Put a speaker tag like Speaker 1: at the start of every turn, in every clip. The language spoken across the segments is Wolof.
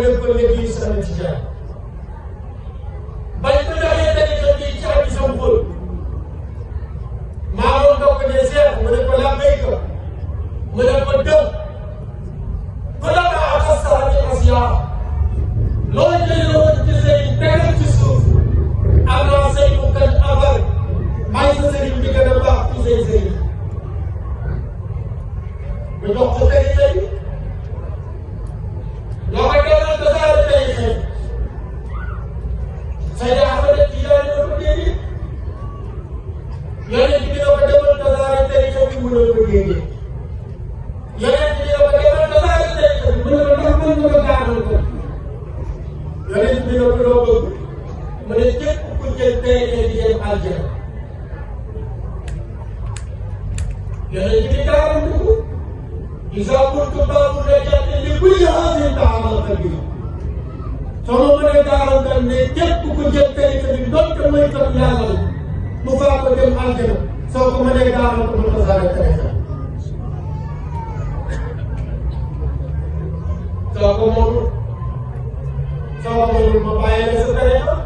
Speaker 1: Deus poderia dizer, يعني الكتاب الكتب إذا قلت باب النجاة لكل هذه الدعوة الكبيرة فمن يدعو أن يكتب جدتك من دولك ما يكتب لهذا مفاقة الأجر سوف من يدعو أن يكتب هذا الكريم سوف من يدعو أن يكتب هذا الكريم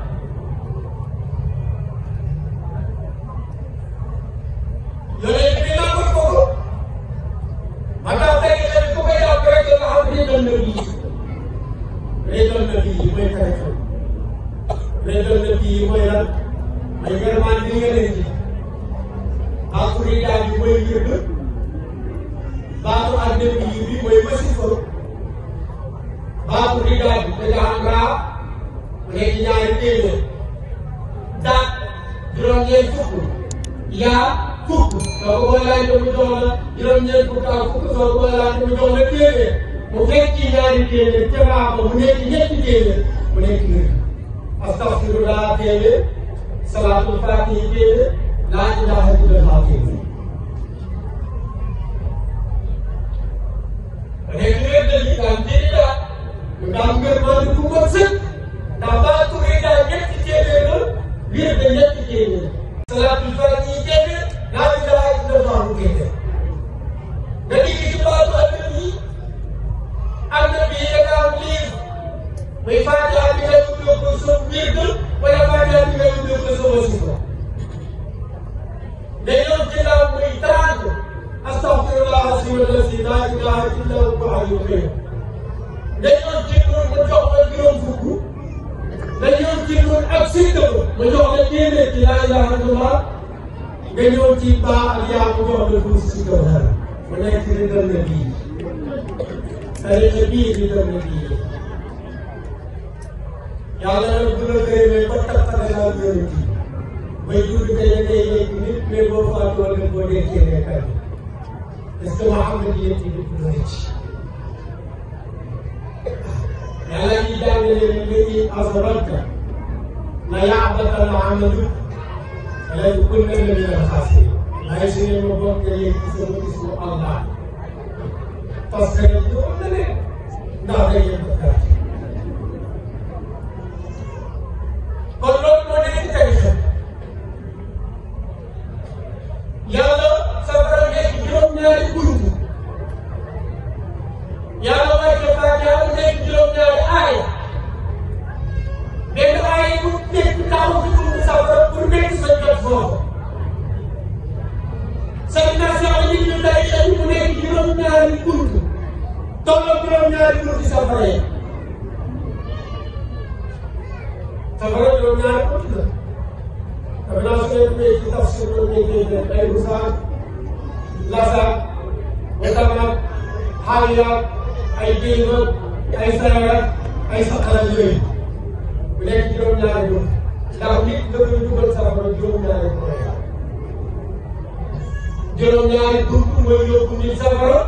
Speaker 1: ஆயிரம் கேளு எட்டு கேளு அஸ்தகுருடா கேளு சலாத்து கேளு நாய் தெரியல gëy da ñu am ci lu ma jox la juróom fukk da ñu am ci lu ak suñ dëgg ma jox la téeméer ci laa ilaha illallah nga ñëw ci ba ak yaa ma jox la bëgg si dëgg xel ma nekk ci rëdal na bii tarixa bii rëdal na bii yàlla na bu la gëy may ba tàqale laa gëy ci may jur day day nekk nit mais boo fàttoo leen boo nekkee nekkal est ce que Mouhamed yéen ñi nit ñu ci. الذي جعل للذي أصابك لا يعبث العمل عمل ولا يكون من الخاسرين لا يشري المبوك يكسب اسم الله فسيقول لك لا غير ذلك lazar etamna haliya ay gëyma ay sara ay saxal yoy bu nek joom ñaar yu ndax nit nga ñu duggal sama do joom ñaar yu joom ñaar yu ko moy yobbu nit sama do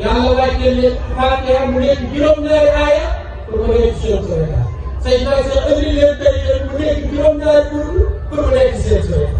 Speaker 1: yalla way ke le faati am ne joom ñaar aya ko ko def ci sama do say na sa andi le tay mu nek joom ñaar yu ko ko def ci sama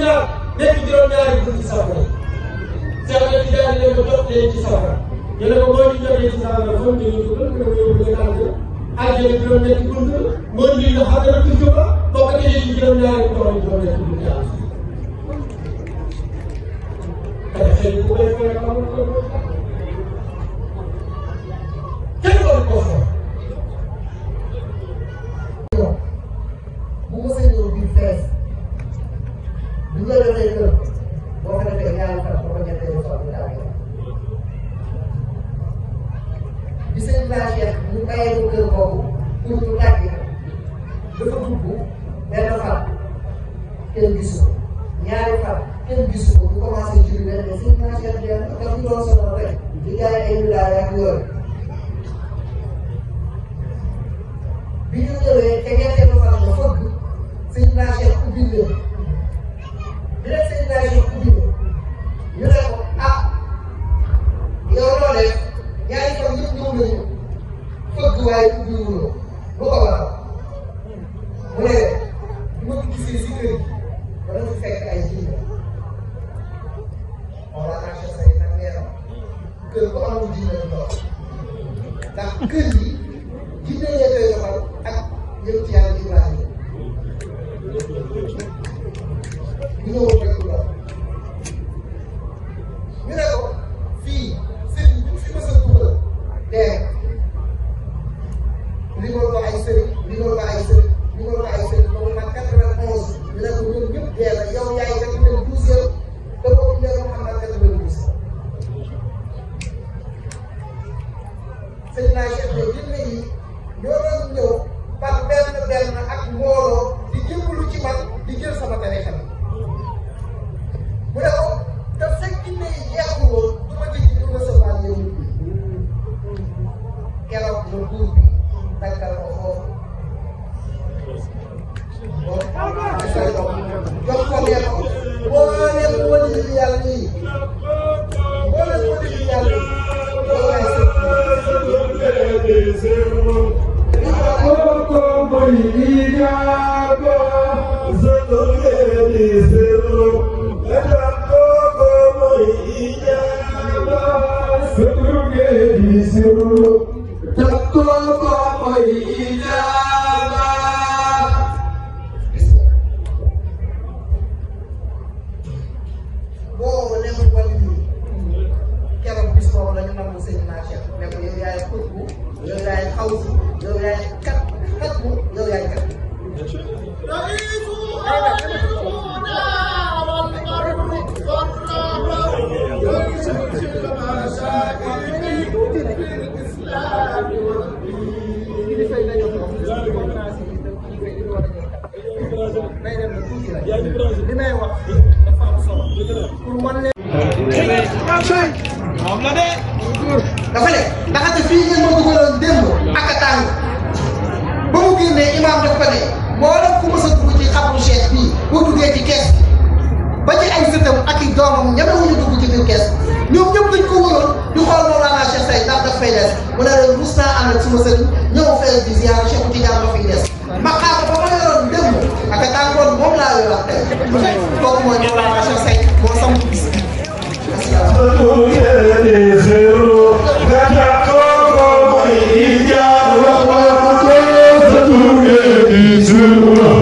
Speaker 1: juróom-ñaar nekk juróom-ñaar yi dugg ci safara Seex Tijaan ne ko jot leen ci safara ñu ne ko moo ñu jotee ci safara moom ñu ñu ko ñu ko ñu ko àjjana juróom ñetti bunt moom ñu ñu xam dara tudd ko boo ko tëjee ci juróom-ñaar yi borom juróom ñetti bunt yàlla kenn ko war koo
Speaker 2: soxla bu ma sañoon biir fees Gloria a Dios. dafa ne ndaxte fii ngeen ma dugaloon démb ak a tàng ba mu génnee imaam daf ko ne mboolem ku mës a dugg ci xabru Cheikh bii boo duggee ci kees ba ci ay sëtam ak i doomam ñeme wu ñu ci kees ñoom ñëpp dañ ko wëroon di xool Mawlana Cheikh Say ndax daf fay des mu ne leen rus naa ànd ak ñëw fee di ziar Cheikh Tidiane ma fiy des maqaama ba ma yoroon démb ak a tàngoon moom laa yor wax tey kooku mooy Mawlana Cheikh Say moo sam gis
Speaker 1: you.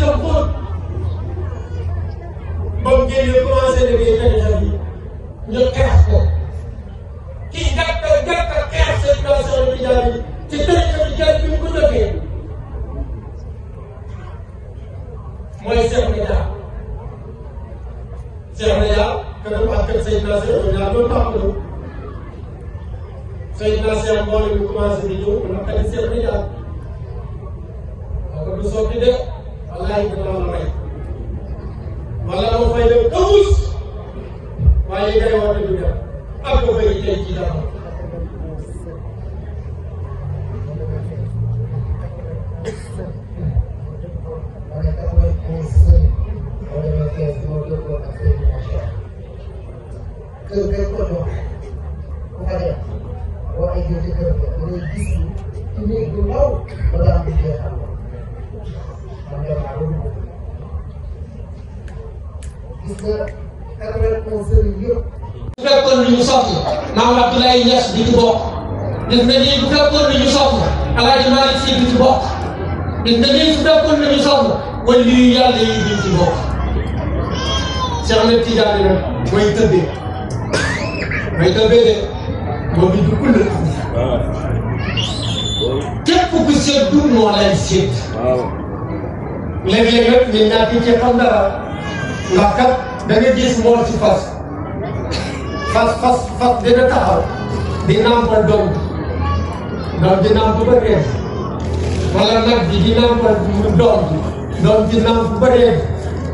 Speaker 1: sa xóot ba mu génnee commencé liggéey pétrole bi ñu xeex ko kii jàpp jàpp xeex circulation bi jaar bi ci pétrole bi jaar bi mu ko jógee mooy Cheikh Ndiaye Cheikh Ndiaye kanam ak kër Seydina Cheikh Ndiaye loolu baax na Seydina Cheikh mboolem bi commencé di ñëw mu naqari Cheikh Ndiaye waaw kon du soog di def xaalis bi dama mën a wala dama fay dem tawus waaye li ngay war a
Speaker 2: fekkoon ni ñu sotti maam Abdoulaye
Speaker 1: Niass di ci bokk def na nii bu fekkoon ni ñu sotti Alaaji Malick Si di ci bokk def na nii bu fekkoon ni ñu sotti wala lii yàlla yi di ci bokk. Cheikh Ahmed Tidiane nag mooy tëbbee mooy tëbbee de moom it du kull. képp ku seet dund moo lay seet. léeg-léeg nag ñu ñàkk ci xam dara ndax kat da nga gis moo ci fas. fas fas fas dina taxaw di nàmpal doom doom di nàmp ba nag di nàmpal doom doom di nàmp ba réer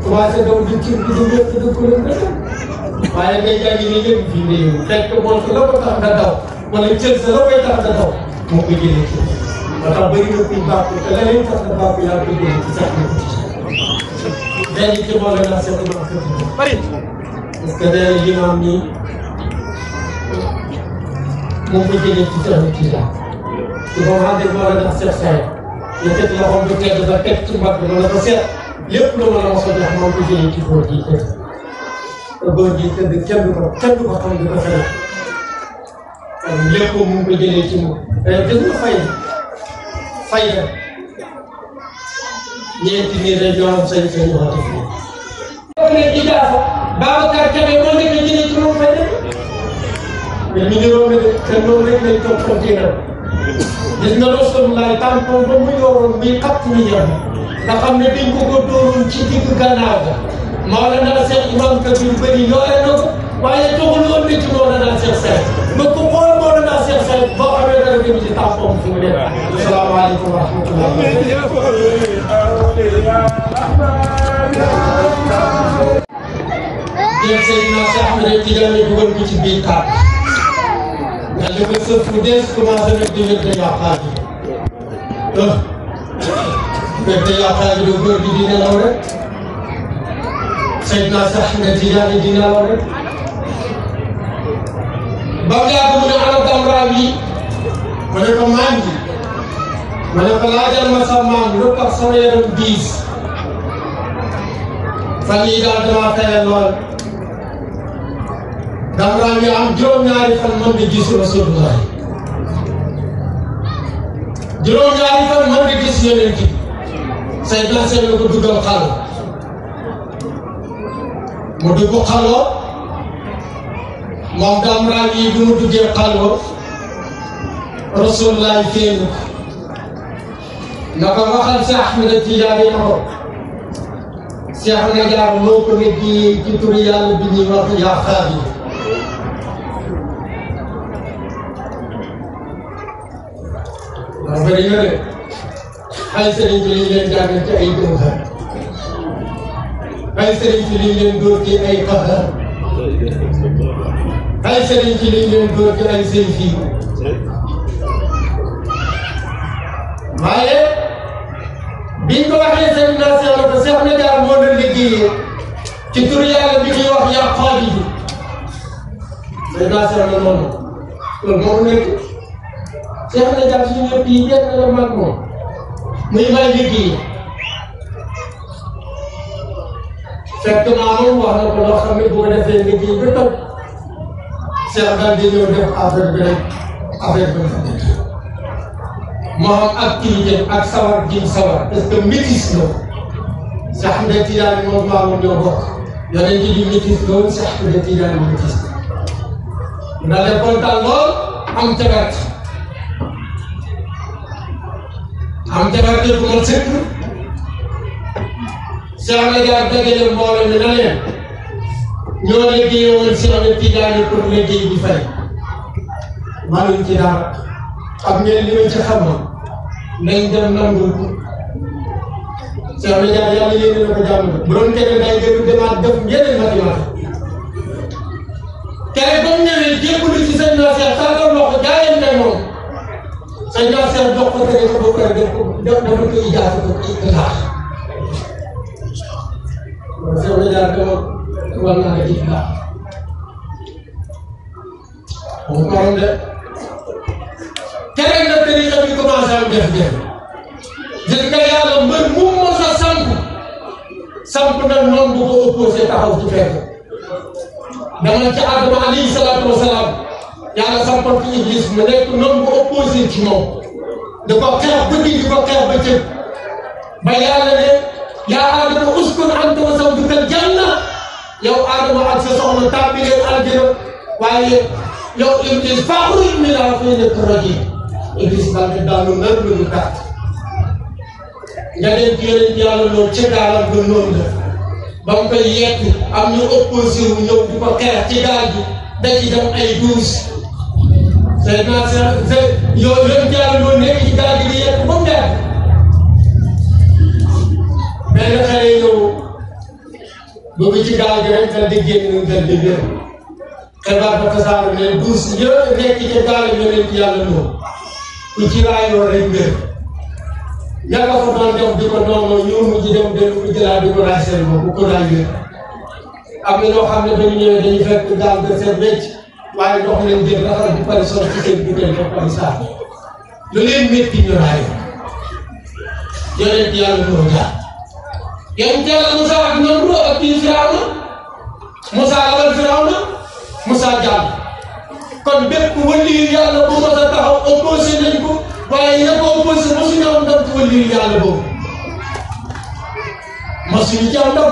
Speaker 1: commencé doom di ci di wér di dugg waaye ngay jàngi ni léegi fii nii fekk bon la ko tax nga daw wala cër sa la koy tax nga daw moo ko jëlee ci ba tax bëri na kuy bàkku te la lay tax nga bàkku yaa ko jëlee ci sax léegi ci boole naa seetlu naa ko parce que day li maam nii moo ko ci Seexu Tijaan su ko waxee moo la def seet saa yi nga teg loxoom ba teg ci mbagg ba la ko seet la mos a jox moo ko jëlee ci góor gi tëdd te góor gi tëdd kenn xam du ko fay mu ngi ko jëlee ci moom mais gis nga fay fay la ñeenti nii rek ñoo am sañ sañ fii. mais mi ngi romb de te loolu rek lay toog frontière gis nga Rasulullah tànkoon ba muy xat mu ñor nga xam ne dañ ko ko dóoroon ci digg gànnaaw ga Mawlana Cheikh Imam Kabir Bari yore na ko waaye toxul woon na ci Mawlana Cheikh Cheikh nga ko xool Mawlana Cheikh Cheikh boo amee dara dem ci mu ne asalaamaaleykum
Speaker 2: wa rahmatullah. yéen Seydina Cheikh Ahmed ci biir
Speaker 1: yàlla nga sëf bu dees commencé nag diggante yàqaat yi diggante yàqaat yi dina law rek Seydina sax nga dina law rek ba mu yàgg mu ne ana damraam yi ma ne ko maan ji dangaa ñu am juróom-ñaari fan man di gis rasulullah juróom-ñaari fan man di gis yeneen ki say glace la ko dugal xal mu dugg xaloo moom damraa yi bi mu duggee xaloo rasulullah féen na ko waxal si Ahmada Tijaani na ko Seex na jaar moo ko ne
Speaker 2: ci turu yàlla bi ñuy wax yaa xaar
Speaker 1: برابریوں نے کیسے انجلی لین جانے کی ای دو ہے کیسے انجلی لین دور کی ای قہر کیسے انجلی لین دور کی ای سیفی مائے بین کو اہلی سیمنا سے اور اپسے ہم نے جار مولن لکی ہے کہ دریا لبکی وحیاء قادی ہے سیدنا سے اور اپسے ہم نے جار مولن لکی ہے Saya Anta Diagne suñu ñëpp yi ñett la doon mag moom muy may liggéey Saya naa moom wax na ko loo xam ne boo defee liggéey ba taw Cheikh daal di ñëw sawar jiw sawar parce que métis la Cheikh Anta Tidiane di métis la woon Cheikh Anta Tidiane métis la. na am আনতে পারলে তো বলছে সালামে যাবতে গেলে বলে মানে নলে কি ওর সালামে কি জানে প্রবলেম কি বিষয় মানে কি না আপনি এলি হচ্ছে খাবো নেই জান নাম গো সালামে যাবে আমি এর লোকে যাব ব্রন্টের ব্যাংকের উদ্যোগে মাধ্যম গেলে মাটি মাছ কেন বন্যা নেই কে পুলিশ সিস্টেম না আছে তার লোক যায় না Saya siap ko ɓokare debbo debbo ko yiyaade ko itu sewɗeɗar kama wallana itla on paron de terende tariqa bi commencé am def def jirka yàlla mbër mu mosa samp samp na noon bu ko opposé taxaw ci fekk dama ci adama salatu yàlla sampal ci Iblis mu nekk noonu moom di ko xeex guddi di ko xeex bëccëg ba yàlla ne yaa Aadama uskun anta wa zawjuka al-janna yow Aadama ak sa soxna tàbbi leen aljana waaye yow Iblis faxruj minhaa fa innaka rajiim Iblis daal di daal lu nar lu mu gàtt nga leen di leen yàlla lool ca gaalam ba la ba koy yegg am ñu opposé wu ñëw di ci gaal gi dañuy dem ay douze. Saya kata saya, yo yo kita belum ni kita lagi dia pun dah. Bela saya yo, bukti kita lagi kan kita dia ni kita dia. Kerbau perkasaan ni, bus yo dia kita kali ni kita lagi tu. Ikhlas orang ringgit. Ya kau pernah jumpa di mana mau muzi dia mungkin muzi lagi kau rasa mau bukan lagi. Abi lo hamil dengan dia dia fikir dalam kesempatan waaye dox leen jéem dafa di pare sol ci seen butéel ba pare saa lu leen métti ñu raay yonent yàlla moo jaar yonent yàlla Moussa ak Namru ak kii Firawna Moussa abal Firawna Moussa jàll kon bépp wëlliyu yàlla bu mas a taxaw opposé nañ ko waaye ña ko opposé mosu ñu am ndam ci wëlliyu yàlla boobu mosu ñu ci am ndam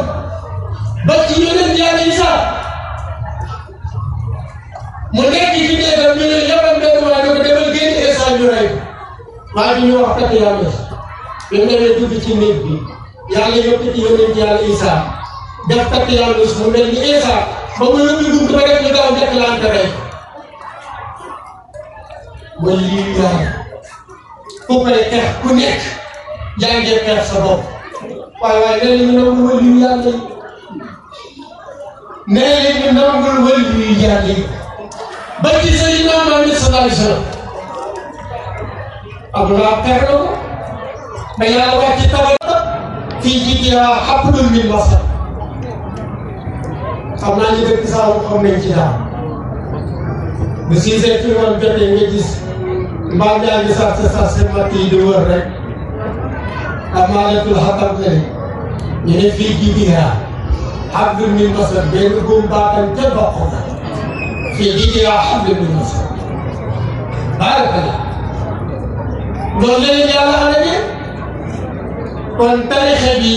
Speaker 1: ba ci mu nekk ci teefere ñu ne yow am benn waa ñu demal génn instant ñu rey waa ji ñu wax takk yàlla bi mu demee dugg ci néeg bi yàlla yëkkati yónnee ci yàlla Isaa def takk yàlla mu mel ni Isaa ba mu yóbbu dugub ba def ñu gaaw njëkk laa am rey mooy lii yàlla ku koy xeex ku nekk jàngee xeex sa bopp waaye waaye nee nañu nangu wëli yu yàlla yi nee nañu nangu wëli yu yàlla yi. ba ci Seydina Muhammad sallallahu alayhi wa sallam Abdoulaye pexe na ko ba yàlla wax ci tabax fii ci kii waa hablum min masad xam naa ñu dëkk Saalum xam nañ bu siisee fi mu jotee nga gis mbaam yaa ngi sàcc sàcc matt yi di wër rek damaa leen tudd xatam léegi ñu ne fii ci biir hablum min masad benn baatam ca bokk na. في جيدها حبل من نصر بارك الله loolu la leen yàlla amee kon tarixa bi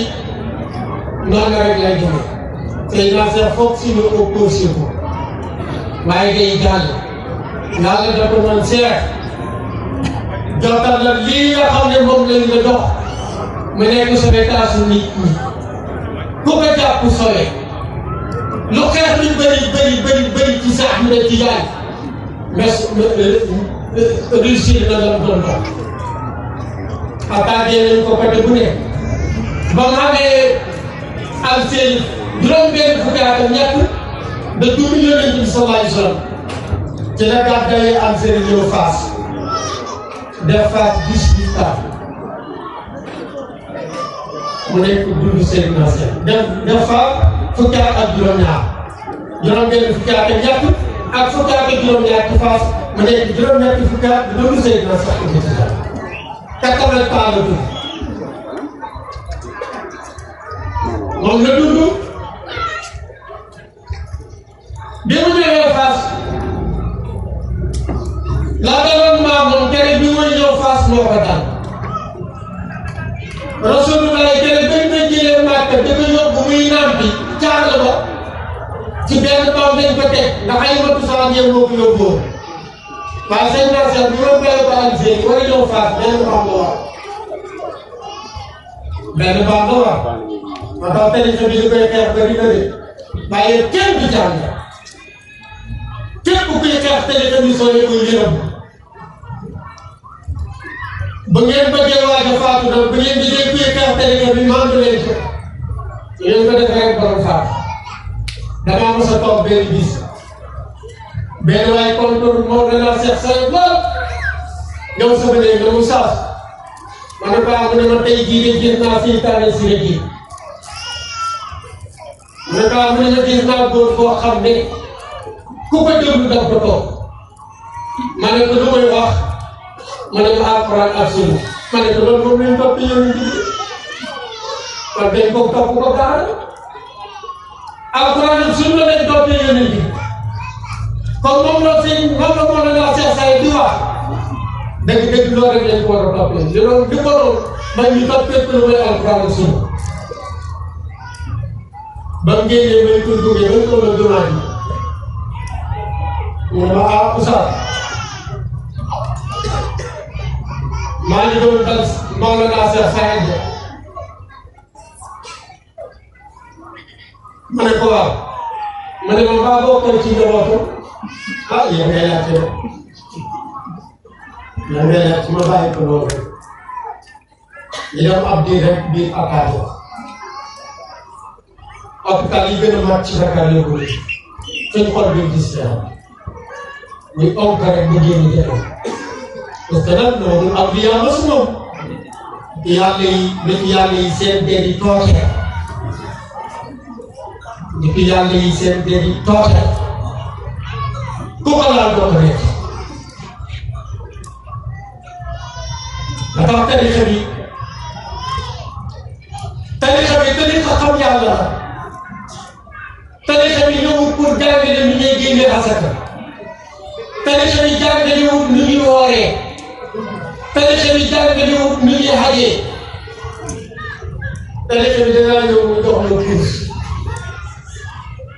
Speaker 1: noonu rek lay demee tey naa seet foog si ñu opposé ko waaye day jàll yàlla da ko doon seet jotal la lii nga xam ne moom lañ la dox mu nekk sauvetage nit ñi ku ko jàpp sauvé lu xeex beri beri beri bëri bëri ci sa Ahmada Tijaan mais réussir na la doon dox attaqué nañ ko côté bu ne ba mu amee am betul juróom-benn fukki at ak ñett da tuuti dapat bi mu nekk dundu Serigne Mansour def def fa fukki at ak juróom-ñaar juróom-benn fukki at ak ñett ak fukki at ak juróom-ñaar ci Fass mu nekk juróom-ñetti fukki at dundu Serigne Mansour ak Ibou Tidiane quatre-vingts ans la dund moom la dund. imam bi jaar la ci benn baaw lañ ko teg ndax ay watu salam yow moo ko yóbboo waaye sëñ naa seet bu doon benn baaw ak jéeg wala ñëw benn baaw nga war benn baaw nga war ma tax tarixa bi li koy xeex bari na de kenn du jàng képp kuy ba ngeen bëggee waaj a faatu ba ngeen di bi yéen ko defee rek borom faat damaa mos a toog benn bis benn waaye kontour moom danaa seet sa lool ñëw sama néeg la mu saas ma ne ko am ah, ne tey jii de gis naa fii tane si ma ne ko am ah, ne ma gis naa góor xam ne ku ko déglu daf ko toog ma ne ko lu koy wax ma ne ko alquran ak sunna ma ne ko loolu moom lañ topp yoonu kon dañ ko topp ko gaar alquran sunna lañ toppee yéene bi kon moom la sëñ moom la moom la ñoo seex say di wax dëgg dëgg loolu rek lañ ko war a toppee li loolu di ko loolu man ñu toppee ko lu may ma ne ko waaw ma ne ko ba bokk ci njabootu ah yéen ngay laajte ma yéen ngay laajte ma bàyyi ko loolu ñu dem ab diir rek biir Akaado hôpital yi gën a mag ci Dakar yóbbu la suñ xol bi gis naa ñu onk rek ñu génn jafe parce que nag loolu am bi yàlla su moom yàlla yi même yàlla yi seen déet yi tooke depuis la lycée de l'école. Comment la donner La tante est chérie. Tenez jamais, tenez sa famille à Tenez jamais, nous, pour gagner le milieu qui est à cette. Tenez jamais, gagner le milieu au ré. Tenez jamais, gagner le milieu à l'aide. Tenez jamais, gagner le milieu au ré.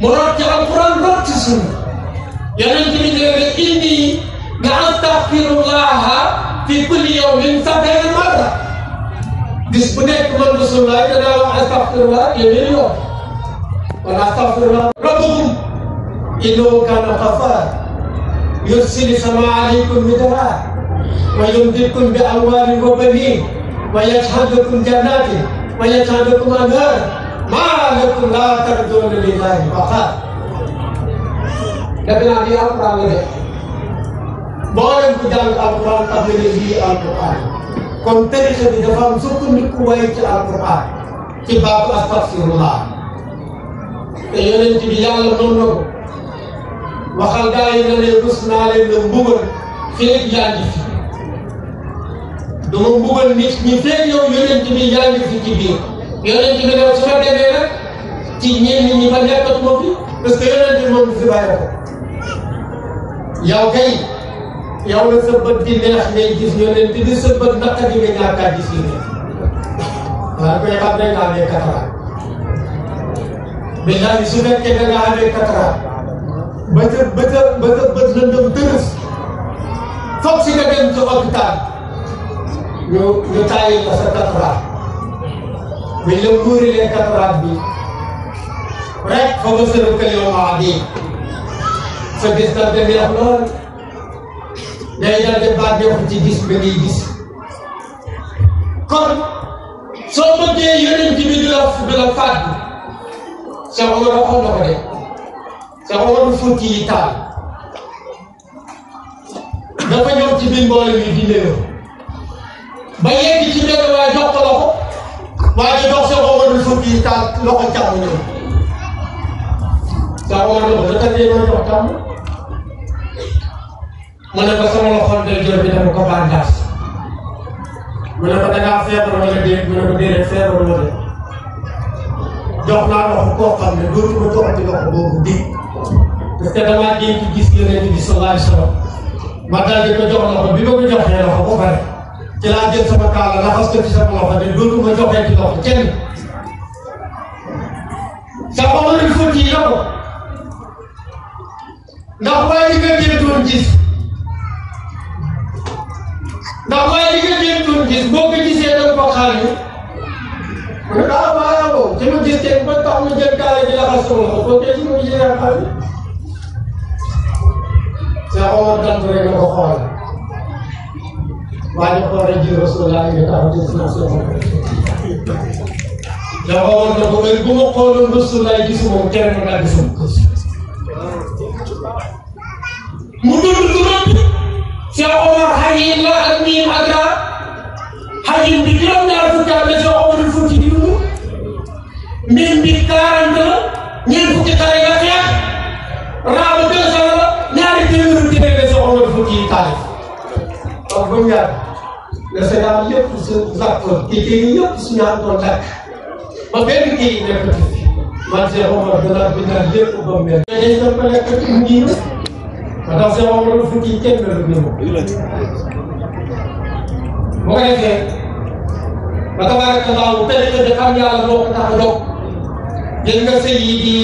Speaker 1: murad Al-Quran murad di sini yang nanti dari ini na'astaghfirullah fi yawin Sampai sab'ina mata disebutnya kepada Rasulullah Ini adalah takfirullah ya Ya beliau wa takfirullah rabbukum Ilu kana kafar yursil sama alaikum mitara wa yumdikum bi amwalin wa banin wa yashhadukum jannatin wa yashhadukum anhar maa lakum laa tarjuuna lillaahi waqaar defe naa ni alquran la def boo leen ko jàng alquran xam ne lii alquran kon tarixa bi dafa am sukkandiku waay ci alquran ci baatu astaghfirullah te yonent bi yàlla noonu na ko waxal gaa yi ne rus naa leen la mbugal feeg yaa ngi fi dama mbugal nit ñi feeg yow yonent bi yaa ngi fi ci biir Yaudah bi ne sa di bi ñu la kuurilee kataraat bi rek fa ba sërëb ka yow maa di sa gis tal te neex lool day dal de bànneexu ci gis ba ngay gis kon soo bëggee yonent bi di la di la fàdd Cheikh Omar waxoon na ko de Cheikh Omar Fuuti yi taal dafa ñëw ci biir mbooloo yi di néew ba ci benn waa jox ko waaye jox Cheikh Omarul Fouti Tall loxo càmm ñëw Cheikh Omar loxo dafa dee doon jox càmm mu ne ko sama loxo day jël bi mu ko da mu ne ko déedéet feebar wala déet jox naa loxo koo xam ne dootuma joxati loxo boobu di parce que damaa gént gis Yonent bi sallallahu alayhi wa sallam ma daal di ko jox loxo bi ma ko joxee loxo ba pare Jelajah laa jël sama kaala raxas ko ci sama loxo ne loolu ma joxee ci Siapa kenn sa Omar il faut ci yow ndax waaye li nga jël doon gis ndax waaye li nga jël doon ya boo ko gisee da ko xaar yi nga daa kok boobu ci ma gis tey ba tax ma banyak orang jujur Rasulullah yang tahu di sana. Dafa war na ko heure bu ma semua Rasulullah gisu moom kenn mën naa Omar xayin la ak miim ak raa xayin bi juróom ñaar Omar fukki dund miim bi quarante la ya. ñeent fukki xare la xeex raa Omar nga seetaan lépp sa zakkoon géej gi yëpp suñu àndoon takk ba benn géej gi nekkati fi man Cheikh Omar danaa bindal lépp ba mu mel. mais dañ ko nekk ci njiir ba tax Cheikh Omar lu fukki kenn la bind ko. bu ko defee ba tabaraka laahu tariqa bi xam yàlla moo ko tax a dog jël nga sëy yi di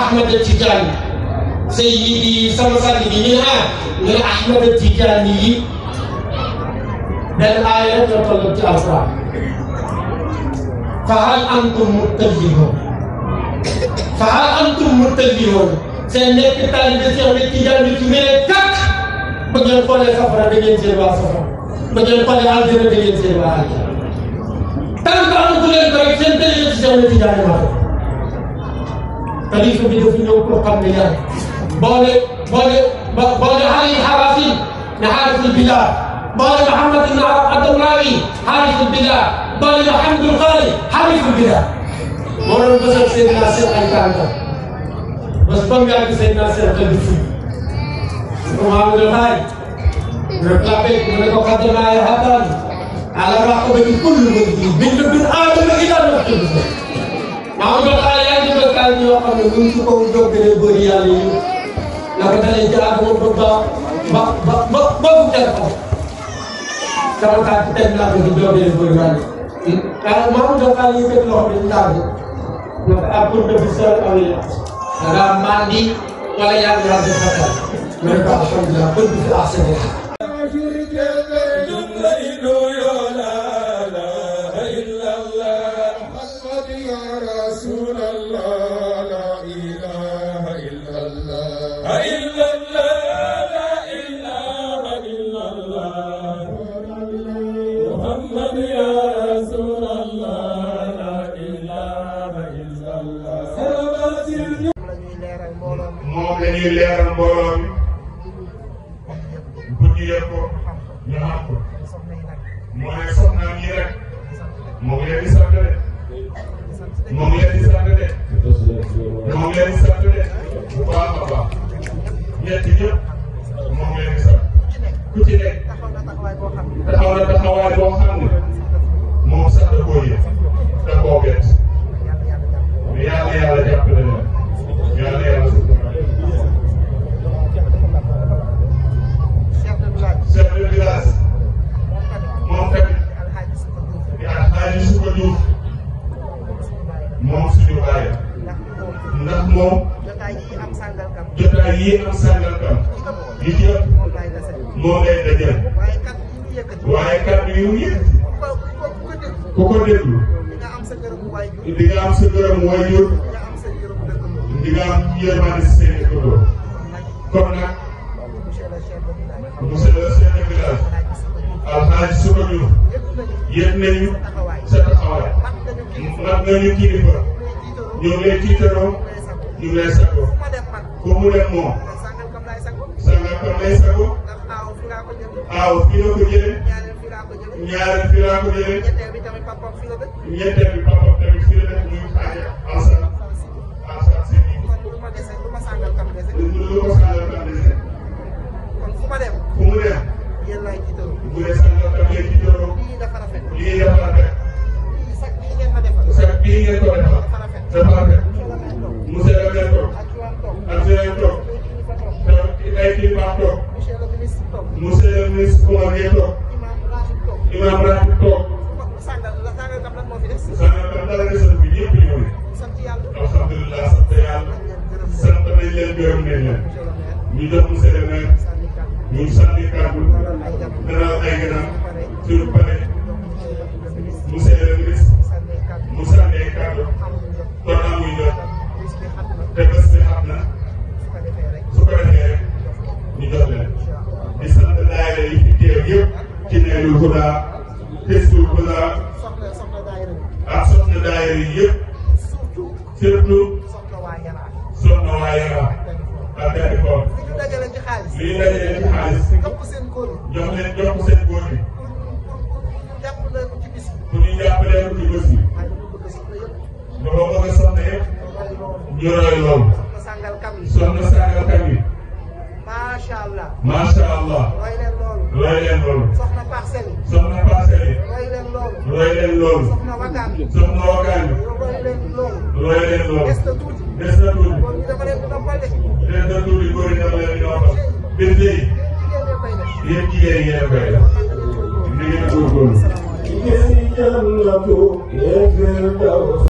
Speaker 1: Ahmad Tijaani sëy yi di sama sànni bi ñu naan ah, nga Ahmad Tijaani yi. benn aaya la ñoo toll ci alxuraan fa hal antum muttaqinoon fa hal antum muttaqinoon seen nekk taalibe Seex bi ci jàll ci mel kat ba ngeen xoolee safara da ngeen seen waa safara ba ngeen xoolee aljana da ngeen seen waa aljana tant que amatu leen ko rek seen taalibe ci Seex bi ci jàll maa tariixa bi dafa ñëw pour xam ne yàlla boo ne boo ne boo ne xarit xaraafin ne بال محمد بن الدولاوي حارس البلاد بال محمد خالد حارس البلاد مولانا بزر سيد ناصر أي تعالى بس بم يعني سيد ناصر قلبي محمد القاري رقابك من قدم على هبان على رقبة كل مدين من ابن آدم إلى المكتب محمد القاري عندي بس عندي وقم يقول شو كون جو كده بريالي لقد نجاكم الضباء ما ما ما ما sama tànk teg naa ko ci Kalau mau koy wàññi. ah moom dafa am yëkkati loxo bi ñu tànk mandi kalian yang ngi rajo mereka ma ne ko alhamdulilah
Speaker 2: dañuy leeral mbooloo mi bu ñu yëg ko ñu xam ko mu ne kon nag monsieur le chef de village alxaaji suba ñu yëg nañu sa taxawaay mag nga ñu kilifa ñu ngi lay ñu ngi sago ku mu dem moom sanga kam lay sago aaw fi nga ko jëlee ñaareel fi laa ma dem. bu mu dem. yéen laay jiitaloo. bu dee sax nga toog yéen jiitaloo. lii dafa rafet. lii dafa rafet. lii sax bii ngeen ma defal. sax bii ngeen ko defal. dafa rafet. dafa rafet. monsieur le maire toog. ak yeneen toog. te ay kilifa toog. monsieur le ministre toog. monsieur le ministre Koungheul toog. imam Rachid toog. imam Rachid toog. sàngal sàngal kam lan moo fi des. sàngal kam dara desul bi ñëpp ñëw ne. sant yàlla. alhamdulilah sant yàlla. sant nañ leen gërëm nañ leen. ñu jox monsieur le maire. ñun sànni kàddu dana ay ganam